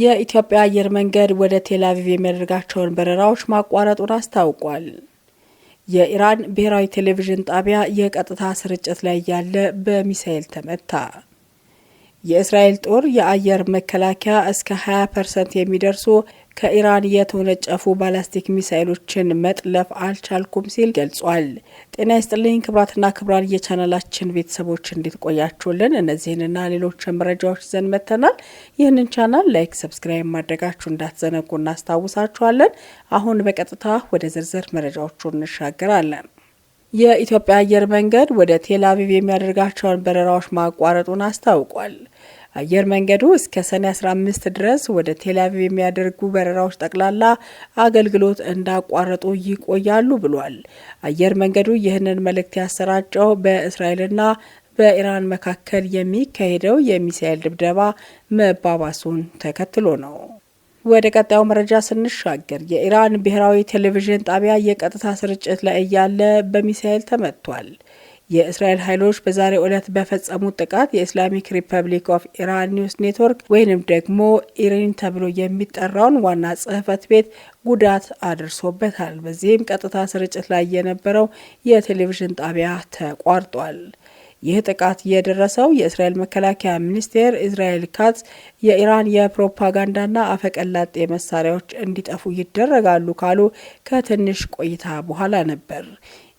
የኢትዮጵያ አየር መንገድ ወደ ቴል የሚያደርጋቸውን በረራዎች ማቋረጡን አስታውቋል። የኢራን ብሔራዊ ቴሌቪዥን ጣቢያ የቀጥታ ስርጭት ላይ ያለ በሚሳኤል ተመታ። የእስራኤል ጦር የአየር መከላከያ እስከ 20 ፐርሰንት የሚደርሱ ከኢራን የተወነጨፉ ባላስቲክ ሚሳይሎችን መጥለፍ አልቻልኩም ሲል ገልጿል። ጤና ይስጥልኝ ክብራትና ክብራን የቻናላችን ቤተሰቦች እንዴት ቆያችሁልን? እነዚህንና ሌሎችን መረጃዎች ይዘን መጥተናል። ይህንን ቻናል ላይክ፣ ሰብስክራይብ ማድረጋችሁ እንዳትዘነጉ እናስታውሳችኋለን። አሁን በቀጥታ ወደ ዝርዝር መረጃዎቹ እንሻገራለን። የኢትዮጵያ አየር መንገድ ወደ ቴል አቪቭ የሚያደርጋቸውን በረራዎች ማቋረጡን አስታውቋል። አየር መንገዱ እስከ ሰኔ 15 ድረስ ወደ ቴልአቪቭ የሚያደርጉ በረራዎች ጠቅላላ አገልግሎት እንዳቋረጡ ይቆያሉ ብሏል። አየር መንገዱ ይህንን መልእክት ያሰራጨው በእስራኤልና በኢራን መካከል የሚካሄደው የሚሳኤል ድብደባ መባባሱን ተከትሎ ነው። ወደ ቀጣዩ መረጃ ስንሻገር የኢራን ብሔራዊ ቴሌቪዥን ጣቢያ የቀጥታ ስርጭት ላይ እያለ በሚሳኤል ተመቷል። የእስራኤል ኃይሎች በዛሬው ዕለት በፈጸሙት ጥቃት የኢስላሚክ ሪፐብሊክ ኦፍ ኢራን ኒውስ ኔትወርክ ወይንም ደግሞ ኢሪን ተብሎ የሚጠራውን ዋና ጽሕፈት ቤት ጉዳት አድርሶበታል። በዚህም ቀጥታ ስርጭት ላይ የነበረው የቴሌቪዥን ጣቢያ ተቋርጧል። ይህ ጥቃት የደረሰው የእስራኤል መከላከያ ሚኒስቴር ኢዝራኤል ካትዝ የኢራን የፕሮፓጋንዳና አፈቀላጤ መሳሪያዎች እንዲጠፉ ይደረጋሉ ካሉ ከትንሽ ቆይታ በኋላ ነበር።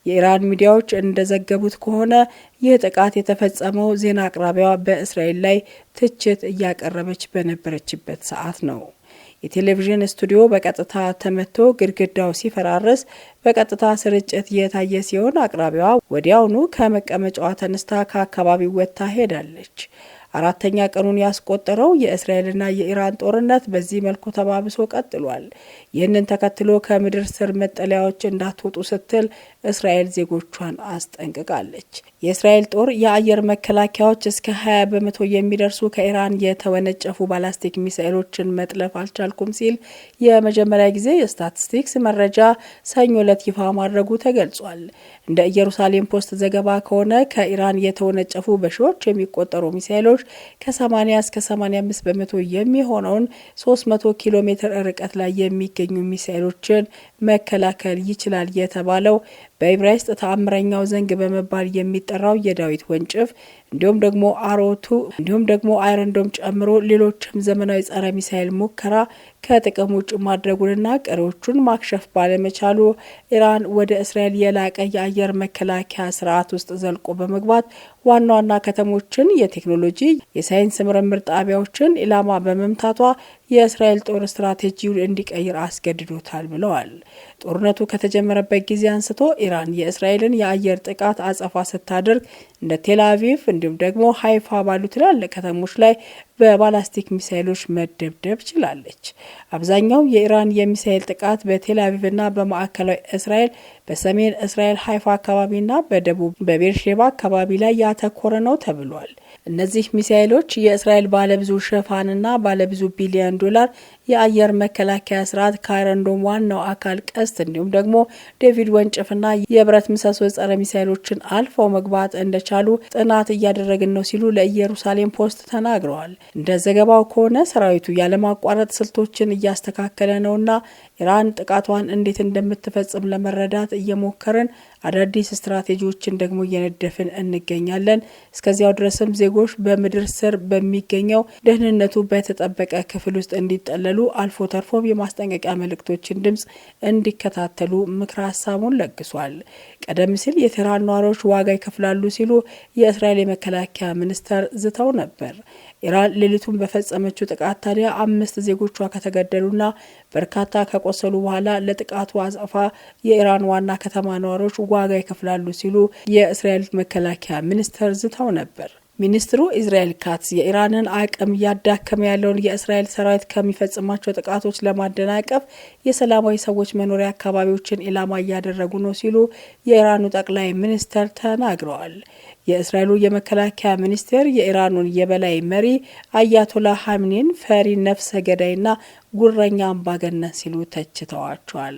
የኢራን ሚዲያዎች እንደዘገቡት ከሆነ ይህ ጥቃት የተፈጸመው ዜና አቅራቢዋ በእስራኤል ላይ ትችት እያቀረበች በነበረችበት ሰዓት ነው። የቴሌቪዥን ስቱዲዮ በቀጥታ ተመቶ ግድግዳው ሲፈራርስ በቀጥታ ስርጭት የታየ ሲሆን አቅራቢዋ ወዲያውኑ ከመቀመጫዋ ተነስታ ከአካባቢው ወጥታ ሄዳለች። አራተኛ ቀኑን ያስቆጠረው የእስራኤልና የኢራን ጦርነት በዚህ መልኩ ተባብሶ ቀጥሏል። ይህንን ተከትሎ ከምድር ስር መጠለያዎች እንዳትወጡ ስትል እስራኤል ዜጎቿን አስጠንቅቃለች። የእስራኤል ጦር የአየር መከላከያዎች እስከ 20 በመቶ የሚደርሱ ከኢራን የተወነጨፉ ባላስቲክ ሚሳኤሎችን መጥለፍ አልቻልኩም ሲል የመጀመሪያ ጊዜ የስታቲስቲክስ መረጃ ሰኞ ዕለት ይፋ ማድረጉ ተገልጿል። እንደ ኢየሩሳሌም ፖስት ዘገባ ከሆነ ከኢራን የተወነጨፉ በሺዎች የሚቆጠሩ ሚሳኤሎች ከ80 እስከ 85 በመቶ የሚሆነውን 300 ኪሎ ሜትር ርቀት ላይ የሚገኙ ሚሳኤሎችን መከላከል ይችላል የተባለው በዕብራይስጥ ተአምረኛው ዘንግ በመባል የሚጠራው የዳዊት ወንጭፍ እንዲሁም ደግሞ አሮቱ እንዲሁም ደግሞ አይረንዶም ጨምሮ ሌሎችም ዘመናዊ ጸረ ሚሳይል ሙከራ ከጥቅም ውጭ ማድረጉንና ቀሪዎቹን ማክሸፍ ባለመቻሉ ኢራን ወደ እስራኤል የላቀ የአየር መከላከያ ስርዓት ውስጥ ዘልቆ በመግባት ዋና ዋና ከተሞችን፣ የቴክኖሎጂ የሳይንስ ምርምር ጣቢያዎችን ኢላማ በመምታቷ የእስራኤል ጦር ስትራቴጂውን እንዲቀይር አስገድዶታል ብለዋል። ጦርነቱ ከተጀመረበት ጊዜ አንስቶ ኢራን የእስራኤልን የአየር ጥቃት አጸፋ ስታደርግ እንደ ቴል አቪቭ እንዲሁም ደግሞ ሀይፋ ባሉ ትላልቅ ከተሞች ላይ በባላስቲክ ሚሳይሎች መደብደብ ችላለች። አብዛኛው የኢራን የሚሳይል ጥቃት በቴልአቪቭና በማዕከላዊ እስራኤል፣ በሰሜን እስራኤል ሀይፋ አካባቢና በደቡብ በቤርሼባ አካባቢ ላይ ያተኮረ ነው ተብሏል። እነዚህ ሚሳይሎች የእስራኤል ባለብዙ ሽፋንና ባለብዙ ቢሊዮን ዶላር የአየር መከላከያ ስርዓት ከአይረንዶም ዋናው አካል ቀስት እንዲሁም ደግሞ ዴቪድ ወንጭፍና የብረት ምሰሶ ጸረ ሚሳይሎችን አልፈው መግባት እንደቻሉ ጥናት እያደረግን ነው ሲሉ ለኢየሩሳሌም ፖስት ተናግረዋል። እንደ ዘገባው ከሆነ ሰራዊቱ ያለማቋረጥ ስልቶችን እያስተካከለ ነውና ኢራን ጥቃቷን እንዴት እንደምትፈጽም ለመረዳት እየሞከርን አዳዲስ ስትራቴጂዎችን ደግሞ እየነደፍን እንገኛለን። እስከዚያው ድረስም ዜጎች በምድር ስር በሚገኘው ደህንነቱ በተጠበቀ ክፍል ውስጥ እንዲጠለሉ እንዲጠለሉ አልፎ ተርፎም የማስጠንቀቂያ መልእክቶችን ድምፅ እንዲከታተሉ ምክረ ሀሳቡን ለግሷል። ቀደም ሲል የቴህራን ነዋሪዎች ዋጋ ይከፍላሉ ሲሉ የእስራኤል የመከላከያ ሚኒስተር ዝተው ነበር። ኢራን ሌሊቱን በፈጸመችው ጥቃት ታዲያ አምስት ዜጎቿ ከተገደሉና በርካታ ከቆሰሉ በኋላ ለጥቃቱ አጸፋ የኢራን ዋና ከተማ ነዋሪዎች ዋጋ ይከፍላሉ ሲሉ የእስራኤል መከላከያ ሚኒስተር ዝተው ነበር። ሚኒስትሩ ኢዝራኤል ካትስ የኢራንን አቅም እያዳከመ ያለውን የእስራኤል ሰራዊት ከሚፈጽማቸው ጥቃቶች ለማደናቀፍ የሰላማዊ ሰዎች መኖሪያ አካባቢዎችን ኢላማ እያደረጉ ነው ሲሉ የኢራኑ ጠቅላይ ሚኒስተር ተናግረዋል። የእስራኤሉ የመከላከያ ሚኒስቴር የኢራኑን የበላይ መሪ አያቶላ ሀምኒን ፈሪ ነፍሰ ገዳይና ጉረኛ አምባገነን ሲሉ ተችተዋቸዋል።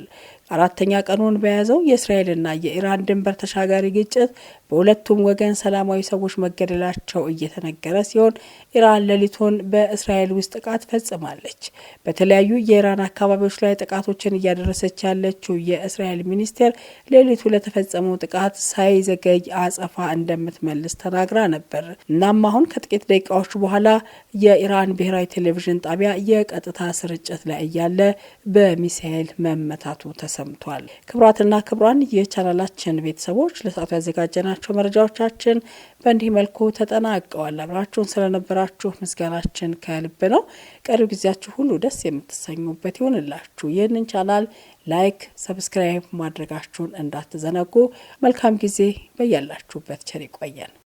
አራተኛ ቀኑን በያዘው የእስራኤልና የኢራን ድንበር ተሻጋሪ ግጭት በሁለቱም ወገን ሰላማዊ ሰዎች መገደላቸው እየተነገረ ሲሆን ኢራን ሌሊቱን በእስራኤል ውስጥ ጥቃት ፈጽማለች። በተለያዩ የኢራን አካባቢዎች ላይ ጥቃቶችን እያደረሰች ያለችው የእስራኤል ሚኒስቴር ሌሊቱ ለተፈጸመው ጥቃት ሳይዘገይ አጸፋ እንደምትመልስ ተናግራ ነበር። እናም አሁን ከጥቂት ደቂቃዎች በኋላ የኢራን ብሔራዊ ቴሌቪዥን ጣቢያ የቀጥታ ስርጭ በመርጨት ላይ እያለ በሚሳኤል መመታቱ ተሰምቷል። ክቡራትና ክቡራን የቻናላችን ቤተሰቦች ለሰዓቱ ያዘጋጀናቸው መረጃዎቻችን በእንዲህ መልኩ ተጠናቀዋል። አብራችሁን ስለነበራችሁ ምስጋናችን ከልብ ነው። ቀሪው ጊዜያችሁ ሁሉ ደስ የምትሰኙበት ይሆንላችሁ። ይህንን ቻናል ላይክ፣ ሰብስክራይብ ማድረጋችሁን እንዳትዘነጉ። መልካም ጊዜ በያላችሁበት ቸር ይቆየን።